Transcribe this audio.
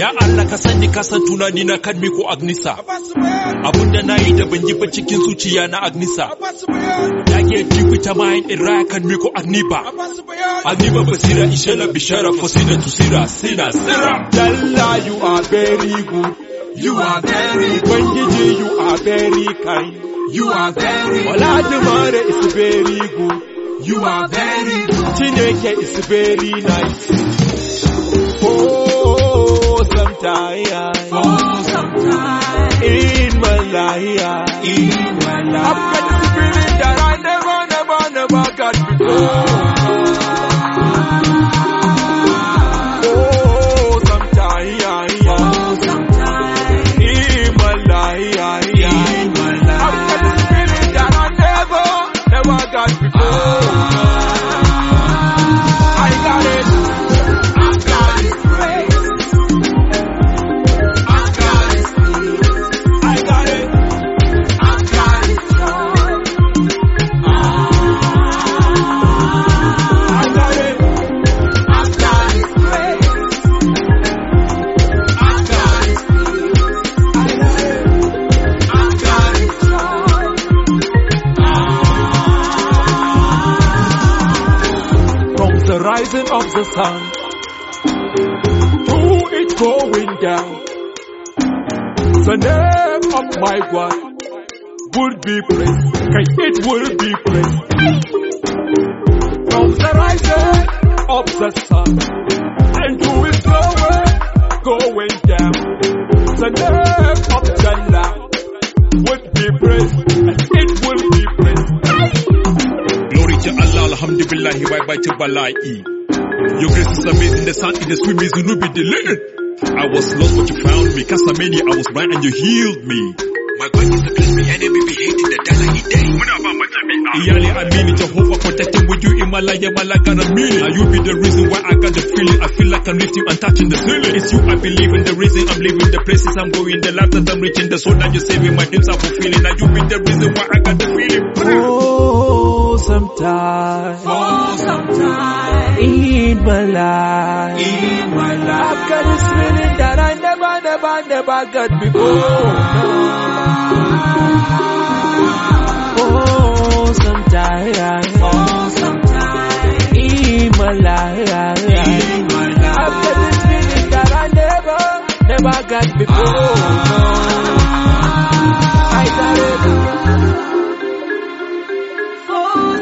Ya Allah ka sani ka san tunani na kan miko Agnisa. da na yi da ban yi ba cikin zuciya na Agnisa. Ya ke jiku ta mayan iraya kan miko Agniba. Agniba basira la bishara fasida tusira sina sira. Dalla you are very good. You are very good. you are very kind. You are very good. Oladumare is very good. You are very good. Chineke is very nice. Oh, sometimes. Oh, sometimes. In my life. In my life. I've got the feeling that I never, never, never got before. the rising of the sun to it going down. The name of my God would be praised. it would be praised. From the rising of the sun. alhamdulillahi bye bye to your grace is amazing the sun in the swim is no be delivered i was lost but you found me casamania i was blind and you healed me my God is a bless me enemy be hating the dollar he day muna i matabi'a iyali amini jehovah protecting with you in my life yeah my life gonna mean it you be the reason why i got the feeling i feel like i'm lifting and touching the ceiling it's you i believe in the reason i'm leaving the places i'm going the life that i'm reaching the soul that you're saving my dreams are fulfilling now you be the reason why i got the feeling oh sometime. For sometime. In my life. In my life. I've got this feeling that I never, never, never got before. Oh, sometimes, For sometime. In my life. In my life. I've got this feeling that I never, never got before.